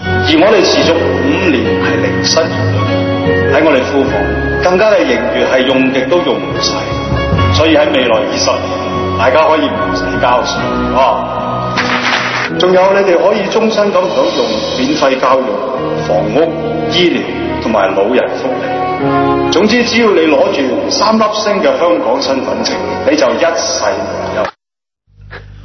而我哋持續五年係零失業，喺我哋庫房更加嘅盈餘係用極都用唔晒，所以喺未來二十年，大家可以唔使交稅哦。啊，仲有你哋可以終身咁享用免費教育、房屋、醫療同埋老人福利。總之，只要你攞住三粒星嘅香港身份證，你就一世無憂。